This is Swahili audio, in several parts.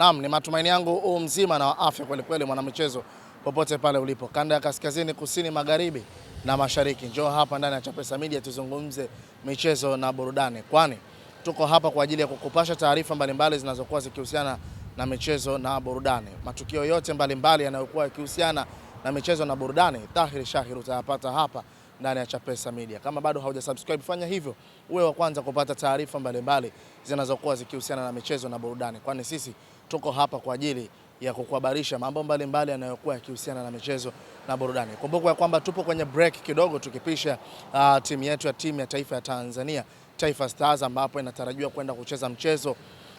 Naam, ni matumaini yangu huu mzima na afya kweli kweli, mwanamichezo popote pale ulipo, kanda ya kaskazini, kusini, magharibi na mashariki, njoo hapa ndani ya Chapesa Media tuzungumze michezo na burudani, kwani tuko hapa kwa ajili ya kukupasha taarifa mbalimbali zinazokuwa zikihusiana na michezo na burudani. Matukio yote mbalimbali yanayokuwa yakihusiana na michezo na burudani, Tahir Shahir utayapata hapa ndani ya Chapesa Media. Kama bado haujasubscribe, fanya hivyo uwe wa kwanza kupata taarifa mbalimbali zinazokuwa zikihusiana na michezo na burudani, kwani sisi tuko hapa kwa ajili ya kukuhabarisha mambo mbalimbali yanayokuwa yakihusiana na michezo na burudani. Kumbuka ya kwamba tupo kwenye break kidogo, tukipisha uh, timu yetu ya timu ya taifa ya Tanzania Taifa Stars, ambapo inatarajiwa kwenda kucheza mchezo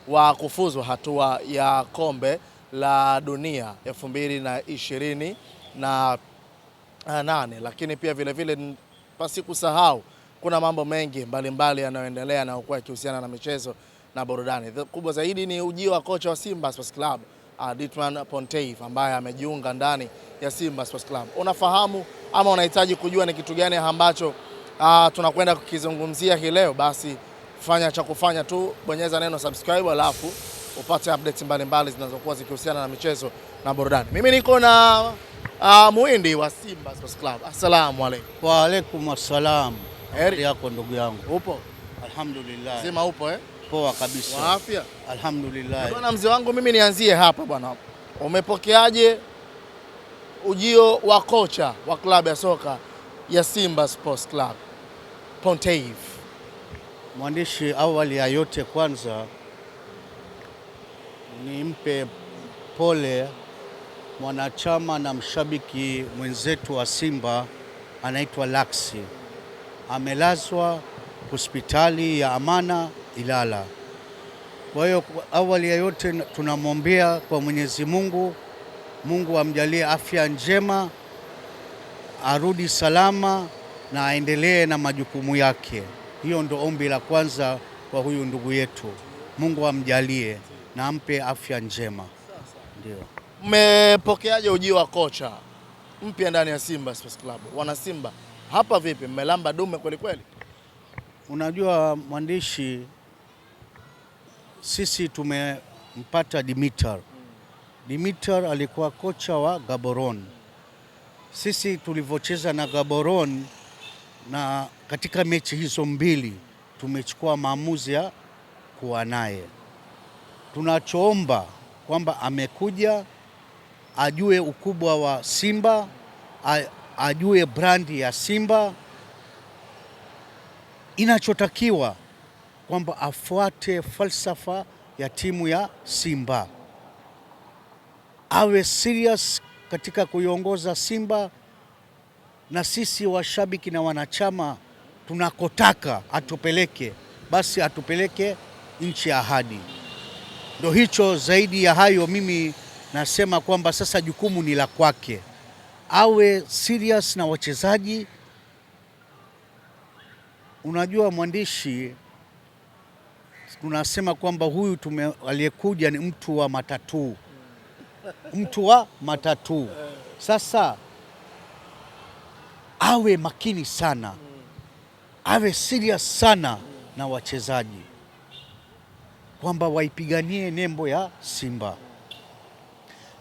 wa kufuzu hatua ya kombe la dunia 2028 na, na, ah, lakini pia vilevile pasi kusahau kuna mambo mengi mbalimbali yanayoendelea na kuwa yakihusiana na michezo na burudani. Kubwa zaidi ni ujio wa kocha wa Simba Sports Club uh, Dietmar Pantev ambaye amejiunga ndani ya Simba Sports Club. Unafahamu ama unahitaji kujua ni kitu gani ambacho uh, tunakwenda kukizungumzia hii leo? Basi fanya cha kufanya tu, bonyeza neno subscribe, alafu upate updates mbalimbali zinazokuwa zikihusiana na michezo na burudani. Mimi niko na uh, muindi wa Simba Sports Club. Asalamu alaykum. Wa alaykum assalam. Heri yako ndugu yangu. Upo? Alhamdulillah. Sema upo eh? poa kabisa. Wa afya? Alhamdulillah. Bwana mzee wangu, mimi nianzie hapa bwana, umepokeaje ujio wa kocha wa klabu ya soka ya Simba Sports Club Ponteif? Mwandishi, awali ya yote kwanza nimpe pole mwanachama na mshabiki mwenzetu wa Simba anaitwa Laksi, amelazwa hospitali ya Amana Ilala. Kwa hiyo awali ya yote tunamwombea kwa Mwenyezi Mungu, Mungu amjalie afya njema, arudi salama na aendelee na majukumu yake. Hiyo ndo ombi la kwanza kwa huyu ndugu yetu. Mungu amjalie na ampe afya njema. Ndio. Mmepokeaje ujio wa kocha mpya ndani ya Simba Sports Club? Wana Simba hapa vipi, mmelamba dume kweli kweli? Unajua mwandishi sisi tumempata Dimitar. Dimitar alikuwa kocha wa Gaborone. Sisi tulivyocheza na Gaborone na katika mechi hizo mbili tumechukua maamuzi ya kuwa naye. Tunachoomba kwamba amekuja ajue ukubwa wa Simba, ajue brandi ya Simba. Inachotakiwa kwamba afuate falsafa ya timu ya Simba, awe serious katika kuiongoza Simba na sisi washabiki na wanachama tunakotaka atupeleke, basi atupeleke nchi ya ahadi. Ndio hicho. Zaidi ya hayo, mimi nasema kwamba sasa jukumu ni la kwake, awe serious na wachezaji. Unajua mwandishi tunasema kwamba huyu aliyekuja ni mtu wa matatu, mtu wa matatu. Sasa awe makini sana, awe serious sana na wachezaji kwamba waipiganie nembo ya Simba.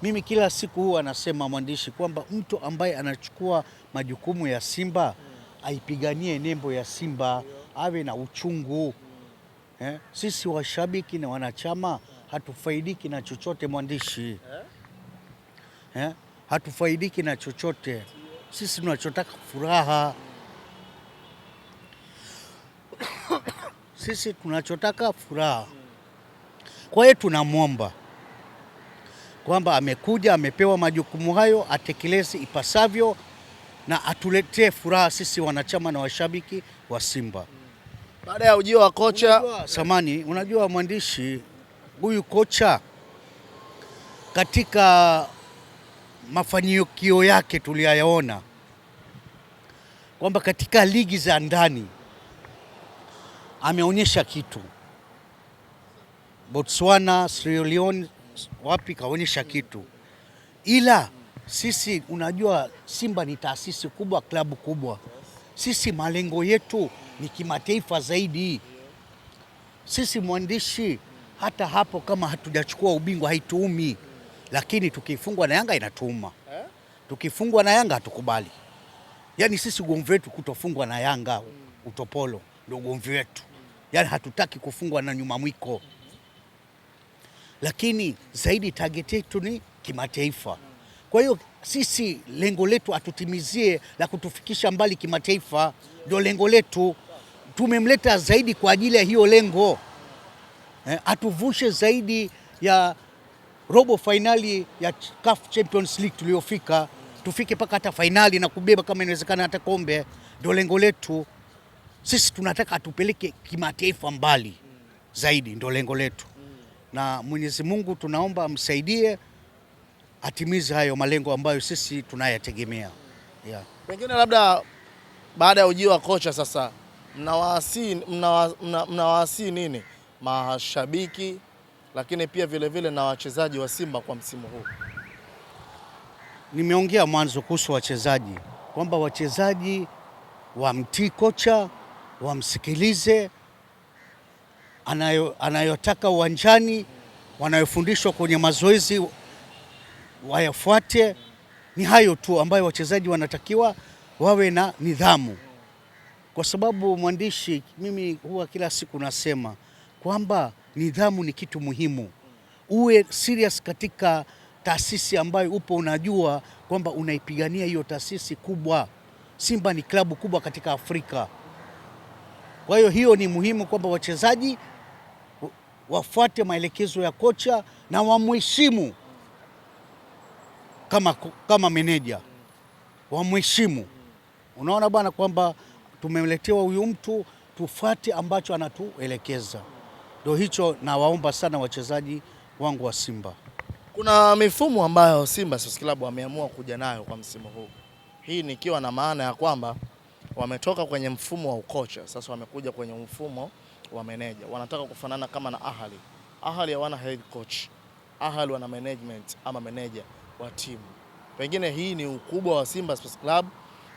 Mimi kila siku huwa anasema mwandishi kwamba mtu ambaye anachukua majukumu ya Simba aipiganie nembo ya Simba, awe na uchungu eh? Sisi washabiki na wanachama hatufaidiki na chochote mwandishi eh? Hatufaidiki na chochote sisi, tunachotaka furaha sisi tunachotaka furaha. Kwa hiyo tunamwomba kwamba amekuja amepewa majukumu hayo atekeleze ipasavyo na atuletee furaha sisi wanachama na washabiki wa Simba baada ya ujio wa kocha unajua, eh, samani unajua mwandishi huyu kocha katika mafanikio yake tuliyayaona kwamba katika ligi za ndani ameonyesha kitu. Botswana, Sierra Leone, wapi kaonyesha kitu, ila sisi, unajua Simba ni taasisi kubwa, klabu kubwa. Sisi malengo yetu ni kimataifa zaidi. Sisi mwandishi, hata hapo kama hatujachukua ubingwa haituumi, lakini tukifungwa na Yanga inatuuma. Eh? Tukifungwa na Yanga hatukubali. Yaani sisi ugomvi wetu kutofungwa na Yanga utopolo ndio ugomvi wetu, yaani hatutaki kufungwa na nyuma mwiko, lakini zaidi target yetu ni kimataifa. Kwa hiyo sisi lengo letu atutimizie la kutufikisha mbali kimataifa, ndio lengo letu tumemleta zaidi kwa ajili ya hiyo lengo eh, atuvushe zaidi ya robo fainali ya CAF Champions League tuliyofika, tufike mpaka hata fainali na kubeba kama inawezekana hata kombe. Ndio lengo letu sisi, tunataka atupeleke kimataifa mbali zaidi, ndio lengo letu, na Mwenyezi Mungu tunaomba amsaidie atimize hayo malengo ambayo sisi tunayategemea. Yeah. Pengine labda baada ya ujio wa kocha sasa mnawaasi mna, mna, mna nini mashabiki, lakini pia vile vile na wachezaji wa Simba kwa msimu huu. Nimeongea mwanzo kuhusu wachezaji kwamba wachezaji wamtii kocha, wamsikilize anayo, anayotaka uwanjani, wanayofundishwa kwenye mazoezi wayafuate. Ni hayo tu ambayo wachezaji wanatakiwa wawe na nidhamu kwa sababu mwandishi, mimi huwa kila siku nasema kwamba nidhamu ni kitu muhimu. Uwe serious katika taasisi ambayo upo, unajua kwamba unaipigania hiyo taasisi kubwa. Simba ni klabu kubwa katika Afrika, kwa hiyo hiyo ni muhimu kwamba wachezaji wafuate maelekezo ya kocha na wamheshimu kama, kama meneja wamheshimu. Unaona bwana kwamba tumemletewa huyu mtu tufuate ambacho anatuelekeza. Ndio hicho nawaomba sana wachezaji wangu wa Simba. Kuna mifumo ambayo Simba Sports Club wameamua kuja nayo kwa msimu huu, hii nikiwa na maana ya kwamba wametoka kwenye mfumo wa ukocha, sasa wamekuja kwenye mfumo wa meneja. Wanataka kufanana kama na Ahali. Ahali hawana head coach, Ahali wana management ama meneja wa timu. Pengine hii ni ukubwa wa Simba Sports Club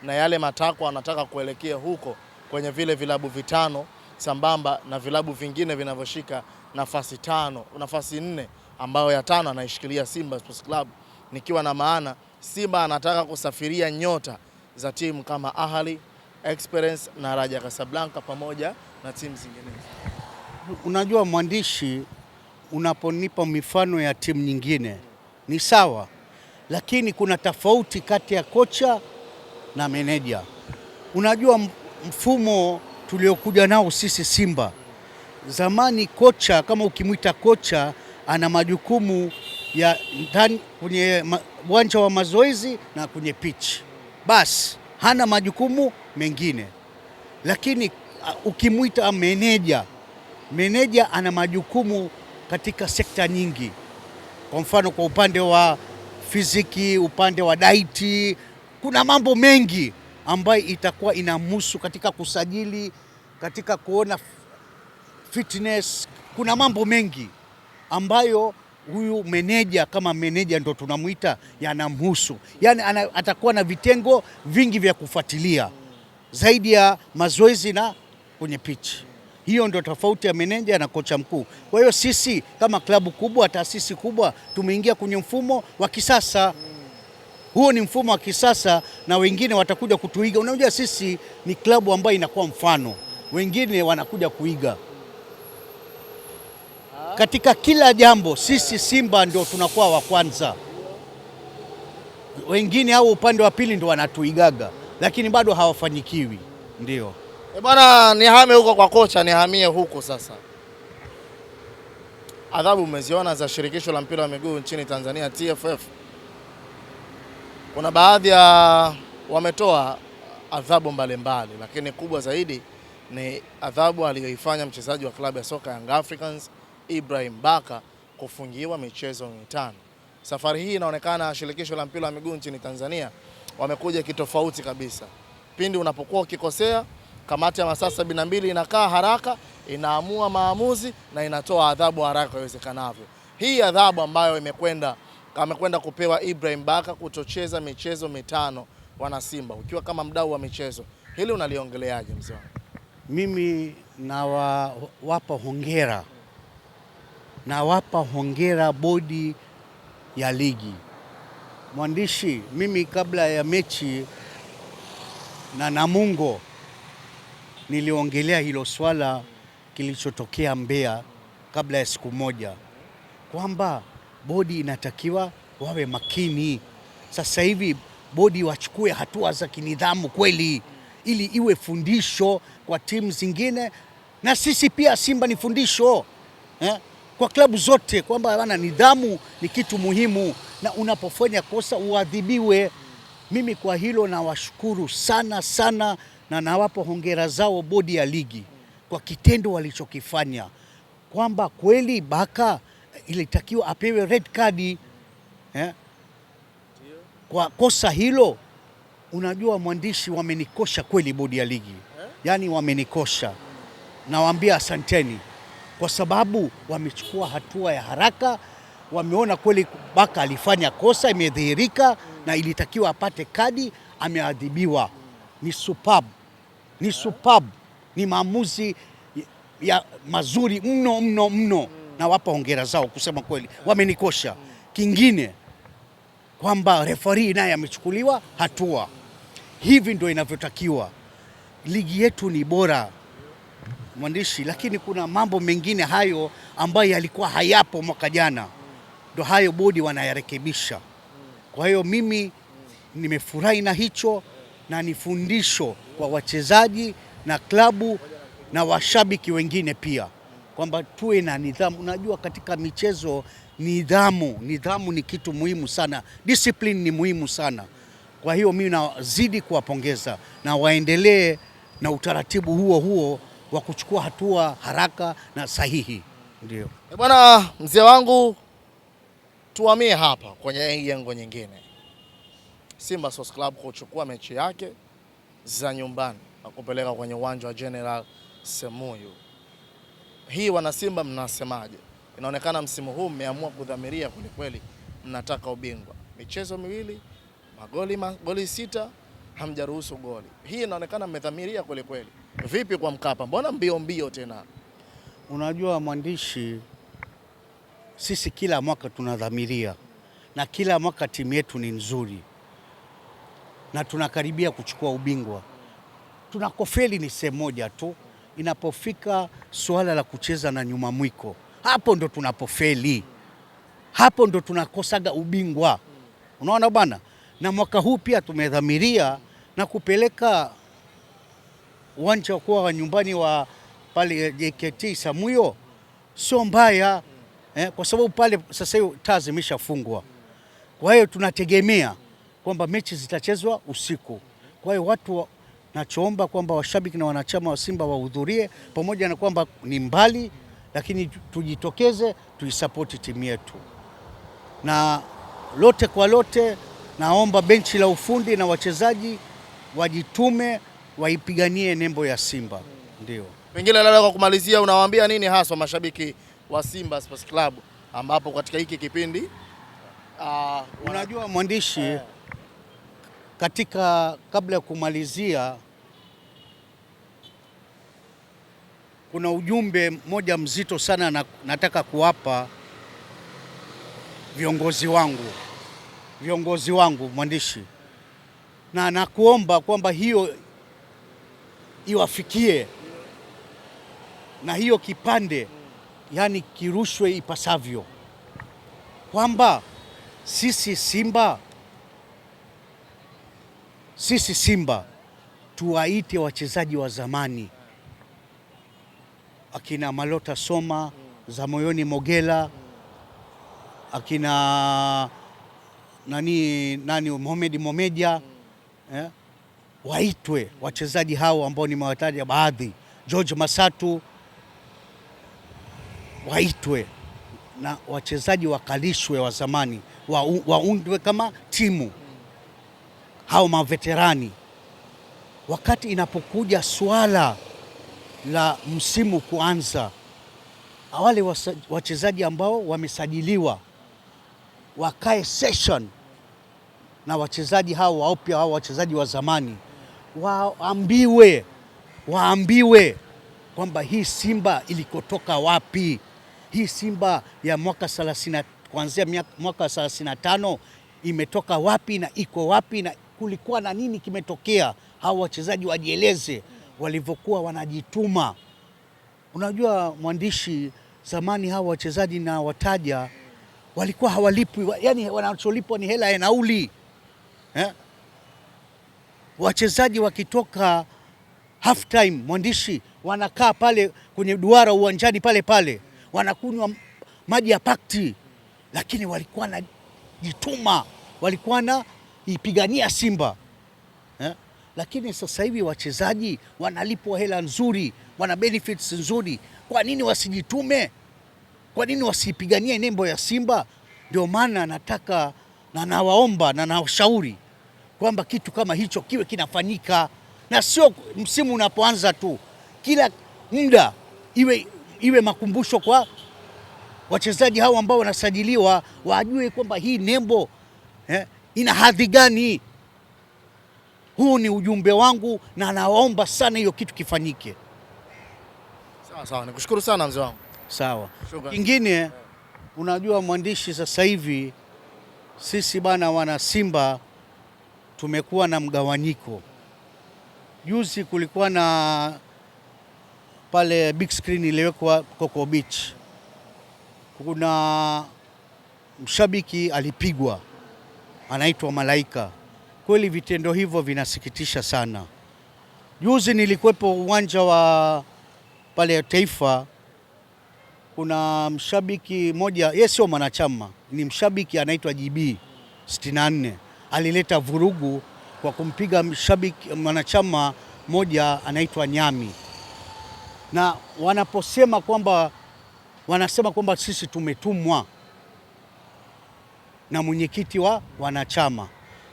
na yale matakwa anataka kuelekea huko kwenye vile vilabu vitano sambamba na vilabu vingine vinavyoshika nafasi tano, nafasi nne ambayo ya tano anaishikilia Simba Sports Club, nikiwa na maana Simba anataka kusafiria nyota za timu kama Ahli, Experience na Raja Casablanca pamoja na timu zingine. Unajua mwandishi, unaponipa mifano ya timu nyingine ni sawa, lakini kuna tofauti kati ya kocha na meneja. Unajua mfumo tuliokuja nao sisi Simba, zamani kocha kama ukimwita kocha ana majukumu ya ndani kwenye uwanja wa mazoezi na kwenye pitch, basi hana majukumu mengine. Lakini ukimwita meneja, meneja ana majukumu katika sekta nyingi, kwa mfano kwa upande wa fiziki, upande wa daiti kuna mambo mengi ambayo itakuwa inamhusu katika kusajili, katika kuona fitness. Kuna mambo mengi ambayo huyu meneja kama meneja ndo tunamwita, yanamhusu yani, atakuwa na vitengo vingi vya kufuatilia zaidi ya mazoezi na kwenye pichi. Hiyo ndo tofauti ya meneja na kocha mkuu. Kwa hiyo sisi kama klabu kubwa, taasisi kubwa, tumeingia kwenye mfumo wa kisasa. Huo ni mfumo wa kisasa na wengine watakuja kutuiga. Unajua sisi ni klabu ambayo inakuwa mfano, wengine wanakuja kuiga katika kila jambo. Sisi Simba ndio tunakuwa wa kwanza, wengine au upande wa pili ndio wanatuigaga, lakini bado hawafanyikiwi. Ndio e bwana, nihame huko kwa kocha, nihamie huko sasa. Adhabu umeziona za shirikisho la mpira wa miguu nchini Tanzania TFF. Kuna baadhi ya wametoa adhabu mbalimbali, lakini kubwa zaidi ni adhabu aliyoifanya mchezaji wa klabu ya soka Young Africans Ibrahim Baka kufungiwa michezo mitano. Safari hii inaonekana shirikisho la mpira wa miguu nchini Tanzania wamekuja kitofauti kabisa. Pindi unapokuwa ukikosea, kamati ya masaa sabini na mbili inakaa haraka, inaamua maamuzi na inatoa adhabu haraka iwezekanavyo. Hii adhabu ambayo imekwenda amekwenda kupewa Ibrahim Baka kutocheza michezo mitano wanasimba, ukiwa kama mdau wa michezo, hili unaliongeleaje mzee wangu? Mimi nawawapa hongera, nawapa hongera bodi ya ligi. Mwandishi, mimi kabla ya mechi na Namungo niliongelea hilo swala kilichotokea Mbeya kabla ya siku moja kwamba bodi inatakiwa wawe makini. Sasa hivi bodi wachukue hatua za kinidhamu kweli, ili iwe fundisho kwa timu zingine, na sisi pia Simba ni fundisho eh, kwa klabu zote kwamba wana nidhamu ni kitu muhimu, na unapofanya kosa uadhibiwe. Mimi kwa hilo nawashukuru sana sana, na nawapo hongera zao bodi ya ligi kwa kitendo walichokifanya, kwamba kweli baka ilitakiwa apewe red card eh, kwa kosa hilo. Unajua mwandishi, wamenikosha kweli bodi ya ligi, eh? yaani wamenikosha, nawaambia asanteni, kwa sababu wamechukua hatua ya haraka. Wameona kweli Baka alifanya kosa, imedhihirika na ilitakiwa apate kadi, ameadhibiwa. Ni superb, ni superb, ni maamuzi ya mazuri mno mno mno nawapa hongera zao, kusema kweli wamenikosha. Kingine kwamba refari naye amechukuliwa hatua, hivi ndio inavyotakiwa. Ligi yetu ni bora mwandishi, lakini kuna mambo mengine hayo ambayo yalikuwa hayapo mwaka jana, ndo hayo bodi wanayarekebisha. Kwa hiyo mimi nimefurahi na hicho, na ni fundisho kwa wachezaji na klabu na washabiki wengine pia kwamba tuwe na nidhamu. Unajua, katika michezo nidhamu, nidhamu ni kitu muhimu sana, discipline ni muhimu sana. Kwa hiyo mimi nazidi kuwapongeza na waendelee na utaratibu huo huo wa kuchukua hatua haraka na sahihi. Ndio eh, bwana mzee wangu, tuhamie hapa kwenye yengo nyingine. Simba Sports Club kuchukua mechi yake za nyumbani na kupeleka kwenye uwanja wa General Semuyu hii wanasimba, mnasemaje? Inaonekana msimu huu mmeamua kudhamiria kwelikweli, mnataka ubingwa. Michezo miwili magoli, magoli sita, hamjaruhusu goli. Hii inaonekana mmedhamiria kwelikweli. Vipi kwa Mkapa? Mbona mbio mbio tena? Unajua mwandishi, sisi kila mwaka tunadhamiria na kila mwaka timu yetu ni nzuri na tunakaribia kuchukua ubingwa. Tunakofeli ni sehemu moja tu inapofika suala la kucheza na nyuma mwiko, hapo ndo tunapofeli, hapo ndo tunakosaga ubingwa. Unaona bwana, na mwaka huu pia tumedhamiria na kupeleka uwanja kuwa wa nyumbani wa pale JKT samuyo sio mbaya eh, kwa sababu pale sasa hiyo taa zimeshafungwa. Kwa hiyo tunategemea kwamba mechi zitachezwa usiku, kwa hiyo watu nachoomba kwamba washabiki na wanachama wa Simba wahudhurie, pamoja na kwamba ni mbali, lakini tujitokeze tuisapoti timu yetu, na lote kwa lote, naomba benchi la ufundi na wachezaji wajitume, waipiganie nembo ya Simba. Ndio pengine labda kwa kumalizia, unawaambia nini haswa mashabiki wa Simba Sports Club ambapo katika hiki kipindi uh, unajua mwandishi yeah. Katika kabla ya kumalizia, kuna ujumbe mmoja mzito sana na, nataka kuwapa viongozi wangu viongozi wangu mwandishi, na nakuomba kwamba hiyo iwafikie na hiyo kipande yani kirushwe ipasavyo, kwamba sisi Simba sisi Simba tuwaite wachezaji wa zamani akina Malota Soma za moyoni Mogela akina nani nani Mohamed Momeja eh? waitwe wachezaji hao ambao nimewataja baadhi, George Masatu waitwe na wachezaji wakalishwe wa zamani, waundwe kama timu hao maveterani wakati inapokuja swala la msimu kuanza, wale wachezaji ambao wamesajiliwa wakae session na wachezaji hao waopya, hao wachezaji wa zamani waambiwe, waambiwe kwamba hii Simba ilikotoka wapi, hii Simba ya mwaka 30 kuanzia mwaka 35 imetoka wapi na iko wapi na kulikuwa na nini kimetokea, hao wachezaji wajieleze walivyokuwa wanajituma. Unajua mwandishi, zamani hao wachezaji na wataja walikuwa hawalipwi, yani wanacholipwa ni hela ya nauli eh? Wachezaji wakitoka half time, mwandishi, wanakaa pale kwenye duara uwanjani pale pale wanakunywa maji ya pakti, lakini walikuwa na jituma, walikuwa na ipigania Simba eh? Lakini sasa hivi wachezaji wanalipwa hela nzuri, wana benefits nzuri, kwa nini wasijitume? Kwa nini wasipiganie nembo ya Simba? Ndio maana nataka na nawaomba na nawashauri kwamba kitu kama hicho kiwe kinafanyika, na sio msimu unapoanza tu, kila muda iwe, iwe makumbusho kwa wachezaji hao ambao wanasajiliwa, wajue kwamba hii nembo eh, ina hadhi gani? Huu ni ujumbe wangu na naomba sana hiyo kitu kifanyike. Sawa sawa, nikushukuru sana mzee wangu. Sawa, kingine unajua mwandishi, sasa hivi sisi bana wana Simba tumekuwa na mgawanyiko. Juzi kulikuwa na pale big screen iliwekwa Coco Beach, kuna mshabiki alipigwa anaitwa malaika. Kweli vitendo hivyo vinasikitisha sana. Juzi nilikuwepo uwanja wa pale Taifa, kuna mshabiki mmoja, yeye sio mwanachama, ni mshabiki anaitwa JB 64 alileta vurugu kwa kumpiga mshabiki mwanachama mmoja anaitwa Nyami, na wanaposema kwamba wanasema kwamba sisi tumetumwa na mwenyekiti wa wanachama.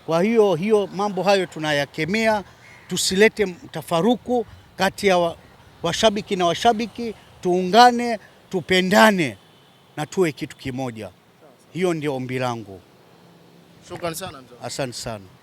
Kwa hiyo hiyo mambo hayo tunayakemea, tusilete mtafaruku kati ya washabiki na washabiki, tuungane, tupendane na tuwe kitu kimoja. Hiyo ndio ombi langu. Shukrani sana mzee. Asante sana.